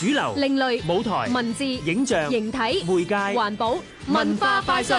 主流、另類舞台、文字、影像、形體、媒介、環保、文化快訊。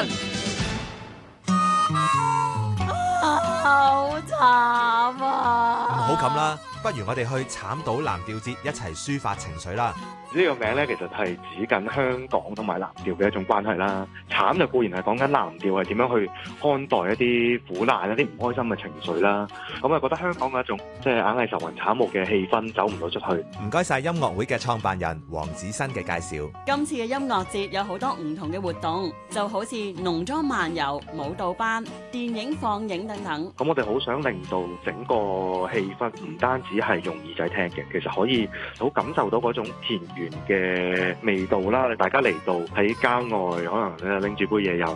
好慘啊！唔好冚啦。不如我哋去慘島藍調節，一齊抒發情緒啦！呢、呢個名咧，其實係指緊香港同埋藍調嘅一種關係啦。慘就固然係講緊藍調係點樣去看待一啲苦難、一啲唔開心嘅情緒啦。咁啊，覺得香港嘅一種即係硬係愁雲慘霧嘅氣氛走唔到出去。唔該晒音樂會嘅創辦人黃子新嘅介紹。今次嘅音樂節有好多唔同嘅活動，就好似農莊漫遊、舞蹈班、電影放映等等。咁我哋好想令到整個氣氛唔單。只係用耳仔聽嘅，其實可以好感受到嗰種田園嘅味道啦。大家嚟到喺郊外，可能咧拎住杯嘢飲，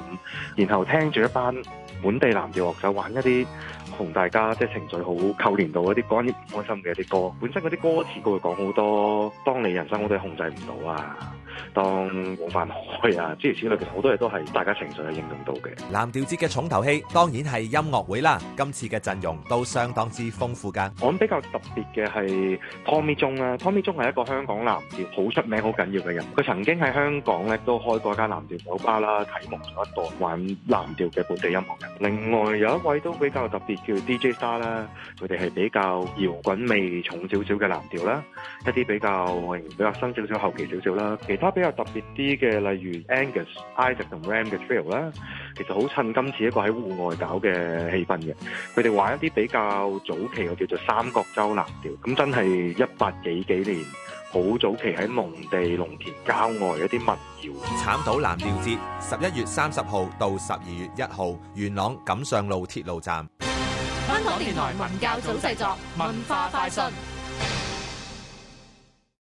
然後聽住一班本地藍調樂手玩一啲同大家即係情緒好扣連到一啲講啲唔開心嘅一啲歌。本身嗰啲歌詞佢會講好多，當你人生好多控制唔到啊，當冇飯開啊，諸如此類。其實好多嘢都係大家情緒係應用到嘅。藍調節嘅重頭戲當然係音樂會啦。今次嘅陣容都相當之豐富㗎。我諗比較特別嘅係 Tommy 鐘啦，Tommy 鐘係一個香港藍調好出名、好緊要嘅人。佢曾經喺香港咧都開過一間藍調酒吧啦，提攬咗一檔玩藍調嘅本地音樂人。另外有一位都比較特別，叫 DJ 沙啦，佢哋係比較搖滾味重少少嘅藍調啦，一啲比較比較新少少、後期少少啦。其他比較特別啲嘅，例如 Angus Isaac 同 Ram 嘅 Trail 啦，其實好襯今次一個喺戶外搞嘅氣氛嘅，佢哋玩一啲比較早期嘅叫做三角洲。藍調咁真係一八幾幾年，好早期喺農地、農田、郊外嗰啲民謠。產島藍調節十一月三十號到十二月一號，元朗錦上路鐵路站。香港電台文教組製作文化快訊。